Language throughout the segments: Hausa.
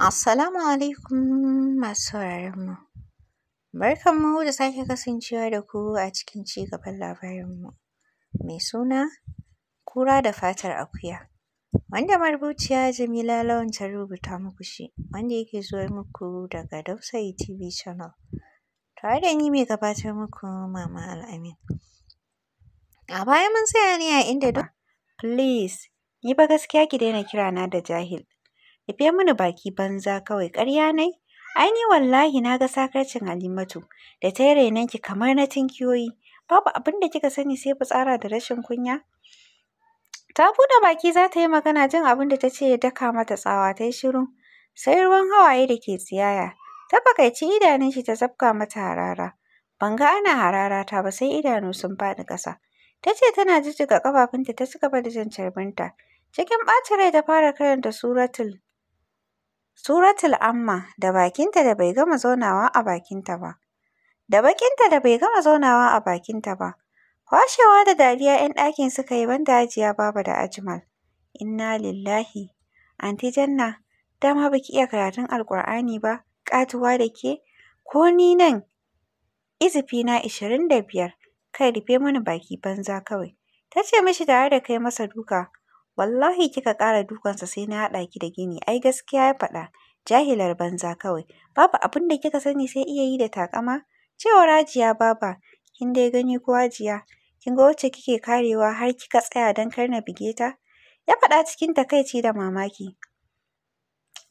Assalamu alaikum masu Barkan Barkanmu da sake kasancewa da ku a cikin ci gaban labarinmu mai suna Kura da fatar akuya, wanda marubuciya Jamila Lawan ta rubuta muku shi, wanda yake zuwa muku daga Dausayi TV Channel, tare da ni mai gabatar muku Mama Al'amin. A baya mun saya ne a inda duk please, yi ba gaskiya ki daina kirana da jahil. Rufe mini baki banza kawai karya nai. Ai ni wallahi na ga sakarcin Halimatu da ta yi renonki kamar na tinkiyoyi. Babu abin da kika sani sai fitsara da rashin kunya. Ta buɗe baki za ta yi magana jin abin da ta ce ya daka mata tsawa ta yi shiru. Sai ruwan hawaye da ke tsiyaya. Ta fakaici idanun shi ta zabka mata harara. Ban ga ana harara ta ba sai idanu sun faɗi ƙasa. Ta ce tana jijjiga ƙafafunta ta ci gaba da jan carbinta. Cikin ɓacin rai ta fara karanta suratul suratul amma da bakinta da bai gama zaunawa a bakinta ba da bakinta da bai gama zaunawa a bakinta ba kwashewa da dariya 'yan ɗakin suka yi banda hajiya baba da ajmal inna lillahi anti janna dama baki iya karatun alƙur'ani ba ƙatuwa da ke ko ni nan izifi na ishirin da biyar kai rufe mana baki banza kawai ta ce mishi tare da kai masa duka Wallahi kika ƙara dukansa sai na haɗa ki da gini, ai gaskiya ya faɗa, jahilar banza kawai, babu abin da kika sani sai iya yi da taƙama. Cewa rajiya Baba, kin dai gani ko Hajiya, kin ga wacce kike karewa har kika tsaya don kar na buge ta? Ya faɗa cikin takaici da mamaki.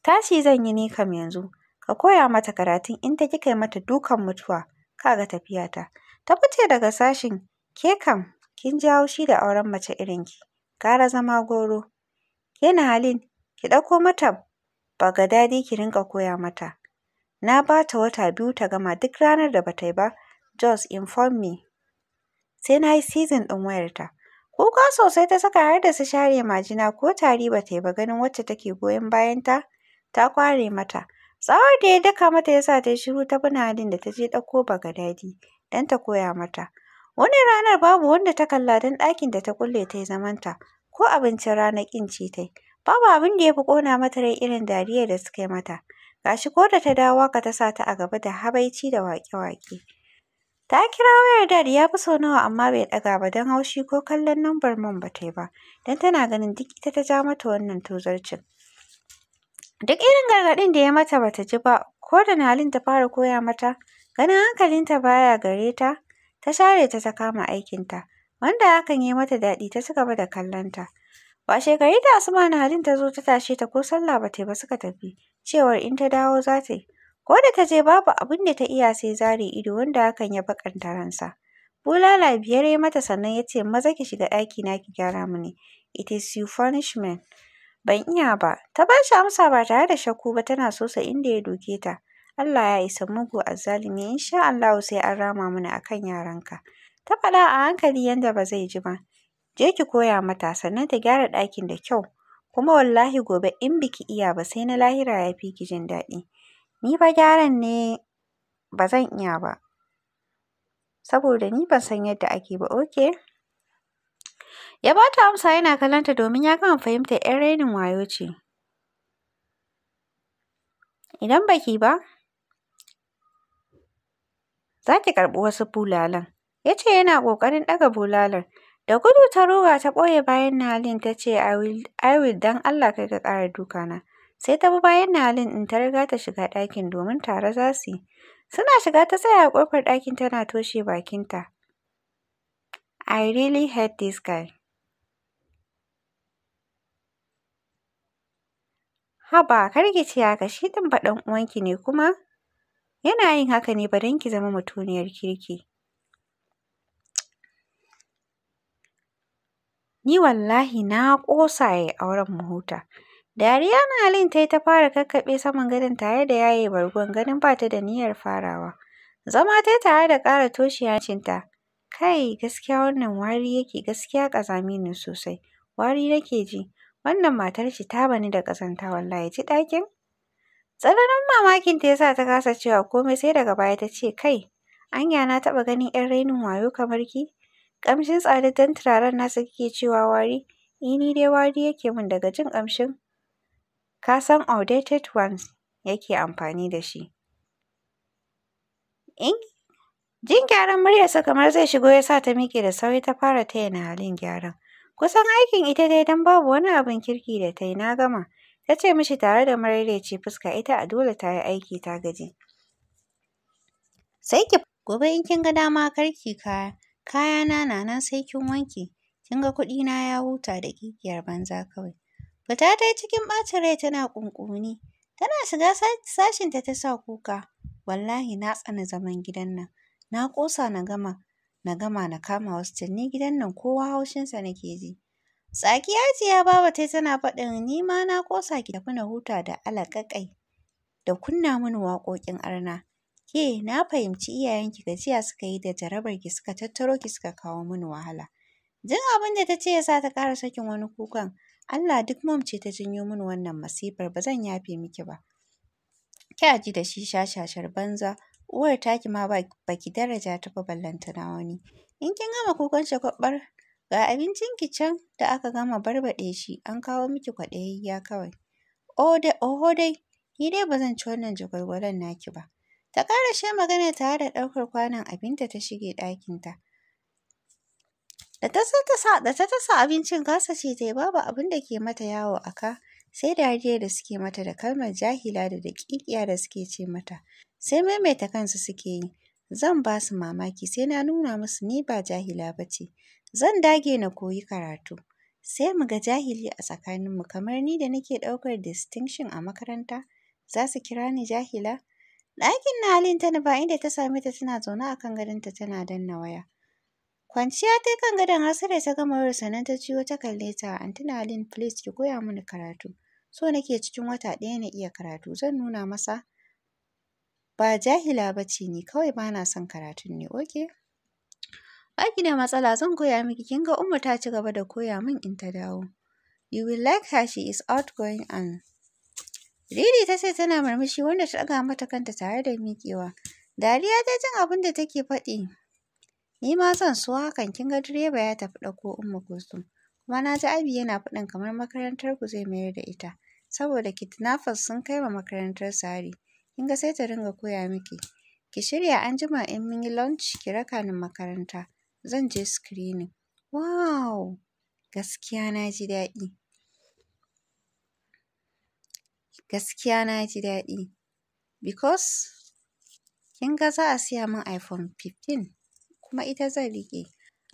Tashi zan yi nikam kam yanzu, ka koya mata karatun in ta kika yi mata dukan mutuwa, Kaga ga tafiyata. Ta fice daga sashin, ke kam kin ji haushi da auren mace irin ki. gara zama goro. Ke Halin, ki ɗauko mata dadi ki rinƙa koya mata. Na ba ta wata biyu ta gama duk ranar da bata yi ba, Jos inform me. Sai na yi season ɗin wayarta. Kuka sosai ta saka har da su share majina ko tari ba ta yi ba ganin wacce take goyon bayan ta ta kware mata. Tsawar da ya daka mata ya sa ta yi shiru ta bi Halin da ta je ɗauko dadi dan ta koya mata. Wani ranar babu wanda ta kalla don ɗakin da ta kulle tai zamanta, ko abincin rana ƙin ci tai. Babu abin da ya fi ƙona mata rai irin dariyar da suka yi mata. Ga shi ko da ta dawo haka ta sa ta a gaba da habaici da waƙe-waƙe. Ta kira wayar dad ya fi sau nawa amma bai ɗaga ba don haushi ko kallon lambar man ba ta yi ba, don tana ganin duk ita ta ja mata wannan tozarcin. Duk irin gargaɗin da ya mata ba ta ji ba, ko da Nalin ta fara koya mata, ganin hankalinta ba ya gare ta, ta share ta ta kama aikinta wanda hakan ya mata daɗi ta ci gaba da kallonta washegari da asuma na halin ta zo ta tashe ta ko sallah ba ta yi ba suka tafi cewar in ta dawo za ta yi ko da ta je babu abin da ta iya sai zare ido wanda hakan ya baƙanta ransa bulala biyar ya mata sannan ya ce maza ki shiga ɗaki na ki gyara mini it is your punishment ban iya ba ta ba shi amsa ba tare da shakku ba tana so sa inda ya doke ta Allah ya isa mugu azzalumi sha Allahu sai an rama mana akan yaranka. Ta faɗa a hankali yadda ba zai ji ba. Je ki koya mata sannan ta gyara ɗakin da kyau. Kuma wallahi gobe in biki iya ba sai na lahira ya fi ki jin daɗi. Ni ba gyaran ne ba zan iya ba. Saboda ni ban san yadda ake ba oke. Ya ba ta amsa yana kalanta domin ya gama fahimta 'yan rainin wayo ce. Idan baki ba, za ki karɓi wasu bulalan. Ya ce yana ƙoƙarin ɗaga bulalar. Da gudu ta ruga ta ɓoye bayan Nalin ta ce I will don Allah kai ka ƙara dukana. Sai ta bi bayan Nalin in ta riga ta shiga ɗakin domin tare za su yi. Suna shiga ta tsaya a ƙofar ɗakin tana toshe bakinta. I really hate this guy. Haba kar ki ce haka shi ɗin ba ɗan uwanki ne kuma Yana yin haka ne ba don ki zama mutuniyar kirki. Ni wallahi na ƙosa ya yi auren mu huta. Dariya na ta yi ta fara kakkaɓe saman gadon tare da yaye bargon ganin ba ta da niyyar farawa. Zama ta yi tare da ƙara toshe hancinta. Kai gaskiya wannan wari yake gaskiya ƙazami ne sosai. Wari nake ji. Wannan matar shi ta bani da ƙazanta wallahi. Ji ɗakin. Tsananin mamakinta ya sa ta kasa cewa komai sai daga baya ta ce, Kai, anya na taɓa ganin ‘yan rainin wayo kamar ki? Ƙamshin tsadaddan turaren nasa kike cewa wari? Ni e, ni dai wari yake min daga jin ƙamshin. Ka san outdated ones yake amfani da shi. In jin gyaran muryarsa kamar zai shigo ya sa ta miƙe da sauri ta fara taya halin gyaran. Kusan aikin ita dai don babu wani abin kirki da ta yi, na gama. Ta ce mishi tare da maraidaici fuska ita a dole ta yi aiki ta gaji. Sai ki gobe in kin ga dama karki ki kaya, kayana na nan sai kin wanke, kin ga kuɗina ya huta da kikiyar banza kawai. Fita ta yi cikin ɓacin rai tana ƙunƙuni, tana shiga sashinta ta sa kuka, wallahi na tsani zaman gidan nan, na ƙosa na gama, na gama na kama wasu, tuni gidan nan kowa haushinsa nake ji. Tsaki ya bawa tai tana faɗin ni ma na ƙosa ki tafi na huta da alaƙaƙai da kunna mini waƙoƙin arna. Ke na fahimci iyayenki gajiya suka yi da jarabar ki suka tattaro ki suka kawo mini wahala. Jin abin da ta ce ya sa ta ƙara sakin wani kukan. Allah duk mom ce ta janyo mini wannan masifar ba zan yafe miki ba. Kya ji da shi shashashar banza uwar taki ma ba ki daraja ta ba ballantana wani. In kin gama kukan shagwaɓar Ga abincinki can da aka gama barbaɗe shi an kawo miki kwaɗayayya kawai. Oho dai, ni dai ba zan ci wannan jagwalgwalon naki ba. Ta ƙara shai magana tare da ɗaukar kwanon abinta ta shige ɗakinta. Da ta tasa abincin kasa ce tai babu abin da ke mata yawo a ka sai dariya da suke mata da kalmar jahila da daƙiƙiya da suke ce mata. Sai maimaita kansu suke yi. Zan ba su mamaki sai na nuna musu ni ba jahila ba ce. Zan dage na koyi karatu, sai mu ga jahili a tsakaninmu kamar ni da nake ɗaukar distinction a makaranta, za su kira ni jahila? Ɗakin na Halin ta ba inda ta same ta tana zaune a kan gadonta tana danna waya. Kwanciya ta kan gadon har sai da ta gama wayar sannan ta juyo ta kalle ta. Anty halin please ki koya mini karatu. So nake cikin wata ɗaya na iya karatu. Zan nuna masa ba jahila ba ce ni kawai ba na son karatun ne, oke? Baki da matsala zan koya miki kin ga Umma ta ci gaba da koya min in ta dawo. You will like her she is outgoing and Riri ta ce tana murmushi wanda ta ɗaga mata kanta tare da miƙewa. Dariya ta jin abin da take faɗi. Ni ma zan so hakan kin ga direba ya tafi ɗauko Umma Kulsum. Kuma na ji Abi yana faɗin kamar makarantar ku zai mayar da ita. Saboda kidnappers sun kai wa makarantar sari. Kin ga sai ta ringa koya miki. Ki shirya an jima in mun yi lunch ki raka ni makaranta. zan je screening. Wow! Gaskiya na ji daɗi. Gaskiya na ji daɗi because kin ga za a siya min iPhone 15 kuma ita zan riƙe.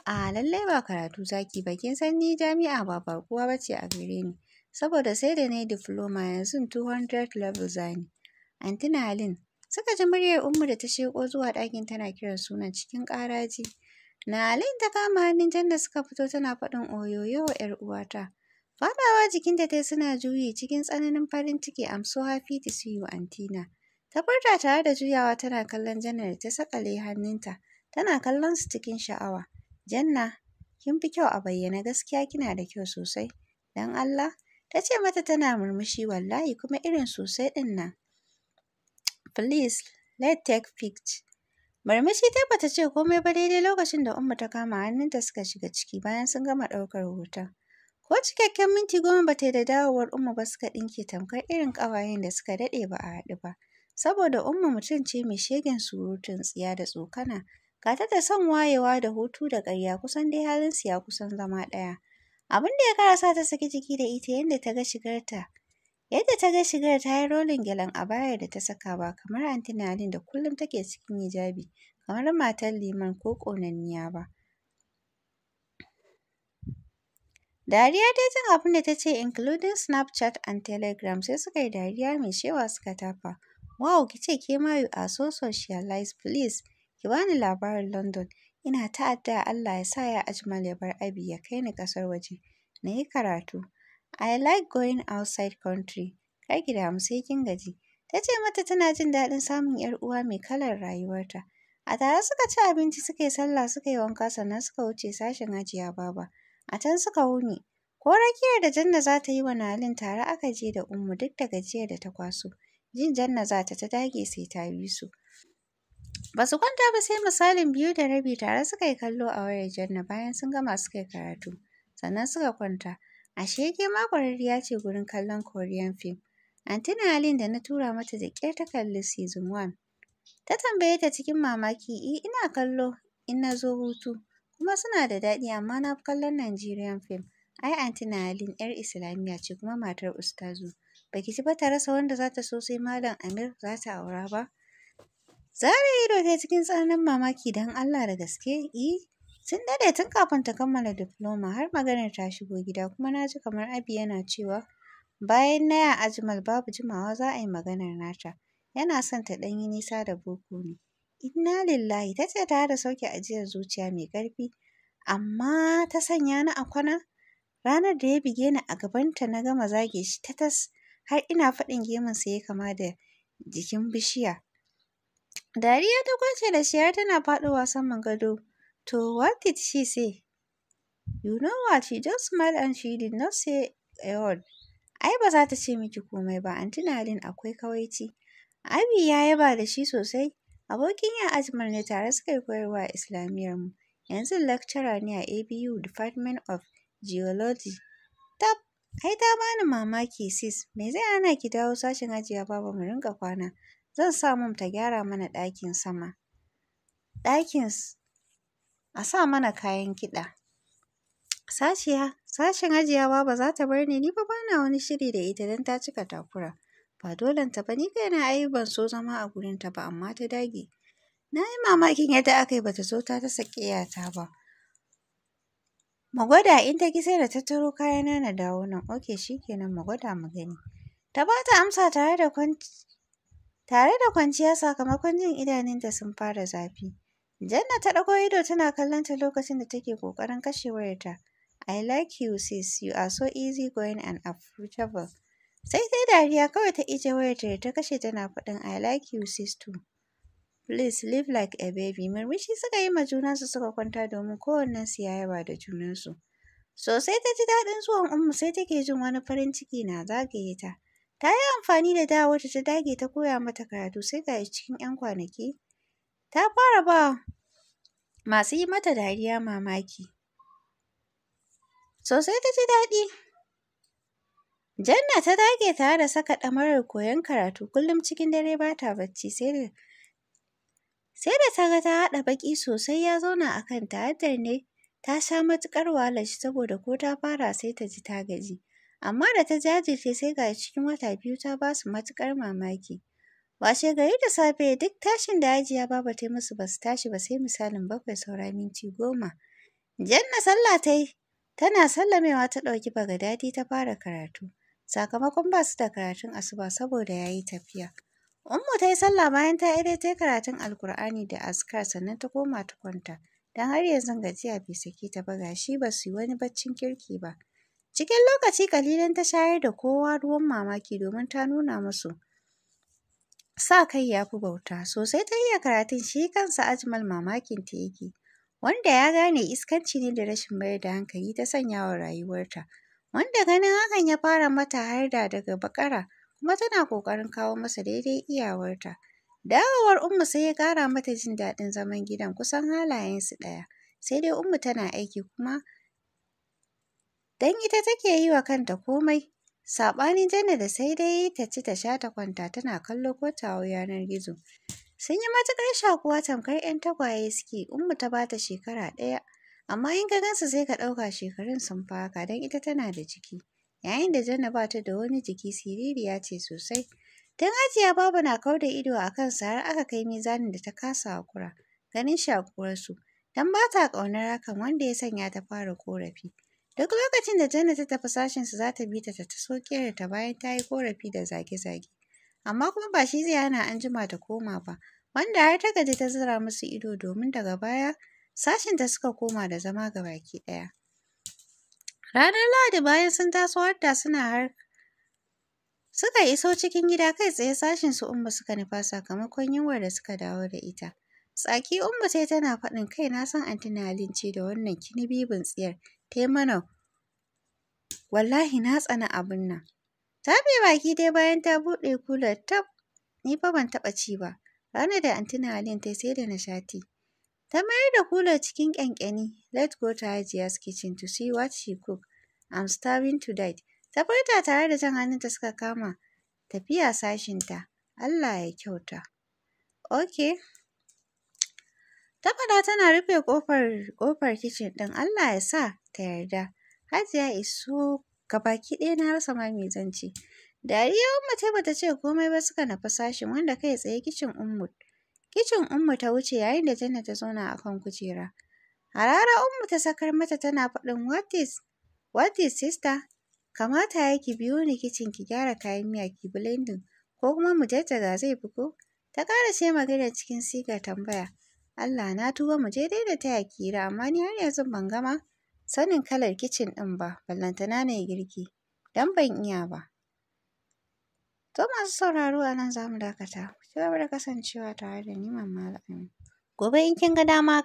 A lallai ba karatu zaki ba kin san ni jami'a ba baƙuwa ba ce a gare ni saboda sai da na yi diploma yanzu 200 level zani. Anty Nalin suka ji muryar Ummu da ta sheƙo zuwa ɗakin tana kiran sunan cikin ƙaraji. Na Nalin ta kama hannun Jan da suka fito tana faɗin oyoyo wa ‘yar uwata. Faɗawa jikin da ta suna juyi cikin tsananin farin ciki I'm so happy to see you Antina. Ta furta tare da juyawa tana kallon Janna da ta sakale hannunta, tana kallon su cikin sha'awa. Janna, kin fi kyau a bayyana gaskiya kina da kyau sosai. Dan Allah, ta ce mata tana murmushi wallahi kuma irin sosai ɗin nan. Please, let take picture. Marmashi ta bata ce komai ba daidai lokacin da Umma ta kama hannunta suka shiga ciki bayan sun gama ɗaukar hoton. Ko cikakken minti goma ba ta yi da dawowar Umma ba suka ɗinke tamkar irin ƙawayen da suka daɗe ba a haɗu ba. Saboda Umma mutum ce mai shegen surutun tsiya da tsokana. Ga ta da son wayewa da hutu da ƙarya kusan dai halinsu ya kusan zama ɗaya. Abin da ya ƙara sa ta saki jiki da ita yadda ta ga shigarta Yadda ta ga shigar ta yi rolin gyalen baya da ta saka ba kamar Anty Nadine da kullum take cikin hijabi kamar matar liman ko ƙonanniya ba. Dariya dai jin abin da ta ce including Snapchat and Telegram sai suka yi dariya mai shewa suka tafa. Wow ki ce ke ma you are so socialized please ki bani labarin London. Ina ta'adda Allah ya sa ya ajmal ya bar abi ya kai ni ƙasar waje na yi karatu. I like going outside country. kai ki damu sai kin gaji. Ta ce mata tana jin daɗin samun 'yar uwa mai kalar rayuwarta. A tare suka ci abinci suka yi sallah suka yi wanka sannan suka wuce sashen ajiya baba. A can suka wuni. Ko rakiyar da Janna za ta yi wa Nalin tare aka je da Ummu duk da gajiyar da ta kwaso. Jin Janna za ta ta dage sai ta bi su. Ba su kwanta ba sai misalin biyu da rabi tare suka yi kallo a wayar Janna bayan sun gama suka yi karatu. Sannan suka kwanta. Ashe ke ma ya ce gurin kallon Korean fim. Anty halin da na tura mata da ƙyar ta kalli season one. Ta tambaye ta cikin mamaki, "I ina kallo in na zo hutu, kuma suna da daɗi amma na fi kallon Nigerian film." Ai Anty halin 'yar Islamiyya ce kuma matar Ustazu. Baki ji ba ta rasa wanda za ta so sai Malam Amir za ta aura ba. Zara ido ta cikin tsananin mamaki don Allah da gaske, "I Sun daɗe tun kafin ta kammala difloma har maganar ta shigo gida kuma na ji kamar Abi yana cewa bayan na Naya ajimal, babu jimawa za a yi maganar nata. Yana son ta ɗan yi nisa da boko ne. Inna lillahi ta ce tare da sauke ajiyar zuciya mai ƙarfi. Amma ta sanya ni a kwana. Ranar da ya bige ni a gabanta na gama zage shi ta tas har ina faɗin gemunsa ya kama da jikin bishiya. Dariya ta kwace da shi har tana faɗowa saman gado. To what did she say? You know what, she just smiled and she did not say a word. Ai ba za ta ce miki komai ba, Aunty Nadine akwai kawaici. Abi ya yaba da shi sosai. Abokin ya Ajmal ne tare suka yi koyarwa a islamiyyarmu, mu. Yanzu lecturer ne a ABU Department of Geology. Tab, ai ta bani mamaki sis, me zai ana ki dawo sashin ajiya baba mu rinka kwana? Zan sa mum ta gyara mana ɗakin sama. Ɗakin a sa mana kayan kiɗa. Sashiya, sashin ajiyawa ba za ta bar ni, ni ba bana wani shiri da ita don ta cika takura. Ba dolenta ba, ni kaina ayi ban so zama a gurin ta ba, amma ta dage. Na yi mamakin yadda aka yi bata zo ta ta yata ba. Magwada, in ta ki sai da tattaro kayana na dawo nan, oke shikenan kenan magwada mu gani. Ta ba ta amsa tare da kwanciya sakamakon jin idanunta sun fara zafi. Janna ta ɗago ido tana kallon ta lokacin da take ƙoƙarin kashe wayarta. I like you sis, you are so easy going and approachable. Sai ta dariya kawai ta ije wayarta da ta kashe tana faɗin I like you sis too. Please live like a baby. Murmushi suka yi ma junansu suka kwanta domin kowannensu ya yaba da junansu. Sosai ta ji daɗin zuwan Ummu sai take jin wani farin ciki na zagaye ta. Ta yi amfani da dawarta ta dage ta koya mata karatu sai ga cikin 'yan kwanaki ta fara ba masu yi mata dariya mamaki. Sosai ta ji daɗi. Janna ta dage tare da saka ɗamarar koyon karatu kullum cikin dare ba ta bacci sai da sai da ta ga ta haɗa baƙi sosai ya zauna a kan ta haddar ne ta sha matuƙar wahalar saboda ko ta fara sai ta ji ta gaji. Amma da ta jajirce sai ga cikin wata biyu ta ba su matuƙar mamaki. Washe gari da safe duk tashin da Hajiya Baba ta yi musu ba su tashi ba sai misalin bakwai saura minti goma. Janna sallah ta yi, tana sallamewa ta ɗauki baga dadi ta fara karatu. Sakamakon ba su da karatun asuba saboda ya yi tafiya. Ummu ta yi sallah bayan ta yi ta karatun Alkur'ani da askar sannan ta koma ta kwanta. Don har yanzu gajiya bai saki ta ba shi ba su yi wani baccin kirki ba. Cikin lokaci kalilan ta shayar da kowa ruwan mamaki domin ta nuna musu sa kai ya fi bauta sosai ta iya karatun shi kansa ajmal mamakin ta yake wanda ya gane iskanci ne da rashin mayar da hankali ta sanya wa rayuwarta wanda ganin hakan ya fara mata harda daga bakara kuma tana ƙoƙarin kawo masa daidai iyawarta dawowar ummu sai ya kara mata jin daɗin zaman gidan kusan halayen su ɗaya sai dai ummu tana aiki kuma dan ita take yi wa kanta komai Saɓanin Janna da sai dai ta ci ta sha ta kwanta tana kallo ko tawo yanar gizo. Sun yi matuƙar shakuwa tamkar 'yan tagwaye suke, Ummu ta ba ta shekara ɗaya. Amma in ka gansu sai ka ɗauka shekarun sun faka don ita tana da jiki. Yayin da Janna ba ta da wani jiki siririya ce sosai. Don ajiya babu na kau da ido a kansa har aka kai mizanin da ta kasa hakura. Ganin shakuwarsu. Don ba ta ƙaunar hakan wanda ya sanya ta fara korafi Duk lokacin da Janet ta tafi su za ta bi ta ta taso ta bayan ta yi ƙorafi da zage-zage. Amma kuma ba shi zai hana an jima ta koma ba, wanda har ta gaji ta zira musu ido domin daga baya sashinta suka koma da zama ga baki ɗaya. Ranar Lahadi bayan sun taso wadda suna har suka iso cikin gida kai tsaye sashen su Umma suka nufa sakamakon yunwar da suka dawo da ita. Tsaki Umma sai tana faɗin kai na san anti Nalin ce da wannan kinibibin tsiyar. tai mana wallahi na tsani abun nan. Ta bi baki dai bayan ta buɗe kula tab ni fa ban taɓa ci ba. Ranar da anti halin tai sai da na sha ti. Ta mayar da kula cikin ƙyanƙyani let go to Hajiya's kitchen to see what she cook. I'm starving to die. Ta furta tare da jan hannunta suka kama tafiya sashinta. Allah ya kyauta. Okay. Ta faɗa tana rufe ƙofar kicin ɗin Allah ya sa ta yarda. Hajiya iso gabaki ɗaya na rasa ma me zan ce. Dariya Umma ta bata ce komai ba suka nafi sashin wanda kai tsaye kicin Ummu. Kicin Ummu ta wuce yayin da Janna ta zauna akan kujera. Harara Ummu ta sakar mata tana faɗin what is what is sister kamata ya ki biyo ni kicin ki gyara kayan miya ki blending ko kuma mu jajjaga zai fi Ta ƙara ce magana cikin sigar tambaya. Allah na tuba mu je dai da taya kira amma ni har yanzu ban gama sanin kalar kicin ɗin ba ballantana ne girki dan ban iya ba. To masu sauraro a nan za mu dakata ku ci gaba da kasancewa tare da ni Mamman Gobe in kin ga dama